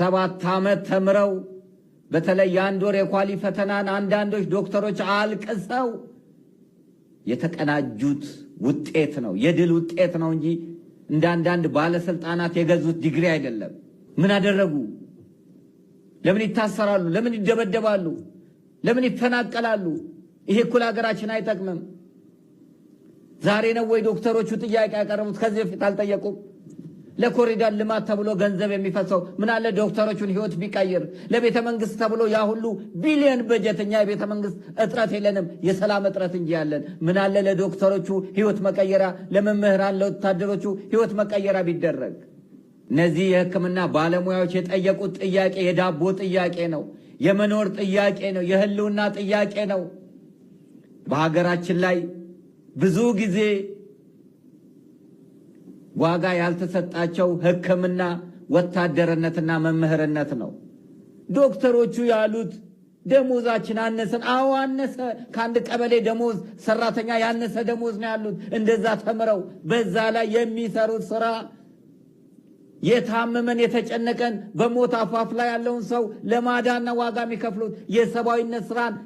ሰባት ዓመት ተምረው በተለይ የአንድ ወር የኳሊ ፈተናን አንዳንዶች ዶክተሮች አልቅሰው የተቀናጁት ውጤት ነው፣ የድል ውጤት ነው እንጂ እንደ አንዳንድ ባለስልጣናት የገዙት ዲግሪ አይደለም። ምን አደረጉ? ለምን ይታሰራሉ? ለምን ይደበደባሉ? ለምን ይፈናቀላሉ? ይሄ እኩል ሀገራችን አይጠቅምም። ዛሬ ነው ወይ ዶክተሮቹ ጥያቄ ያቀረቡት? ከዚህ በፊት አልጠየቁም? ለኮሪደር ልማት ተብሎ ገንዘብ የሚፈሰው ምናለ ዶክተሮቹን ህይወት ቢቀይር ለቤተ መንግስት ተብሎ ያ ሁሉ ቢሊዮን በጀት። እኛ የቤተ መንግስት እጥረት የለንም፣ የሰላም እጥረት እንጂ ያለን። ምናለ ለዶክተሮቹ ህይወት መቀየሪያ፣ ለመምህራን ለወታደሮቹ ህይወት መቀየሪያ ቢደረግ። እነዚህ የህክምና ባለሙያዎች የጠየቁት ጥያቄ የዳቦ ጥያቄ ነው፣ የመኖር ጥያቄ ነው፣ የህልውና ጥያቄ ነው። በሀገራችን ላይ ብዙ ጊዜ ዋጋ ያልተሰጣቸው ሕክምና፣ ወታደርነትና መምህርነት ነው። ዶክተሮቹ ያሉት ደሞዛችን አነሰን። አዎ አነሰ። ከአንድ ቀበሌ ደሞዝ ሰራተኛ ያነሰ ደሞዝ ነው ያሉት። እንደዛ ተምረው በዛ ላይ የሚሰሩት ስራ የታመመን የተጨነቀን በሞት አፋፍ ላይ ያለውን ሰው ለማዳና ዋጋ የሚከፍሉት የሰብአዊነት ስራን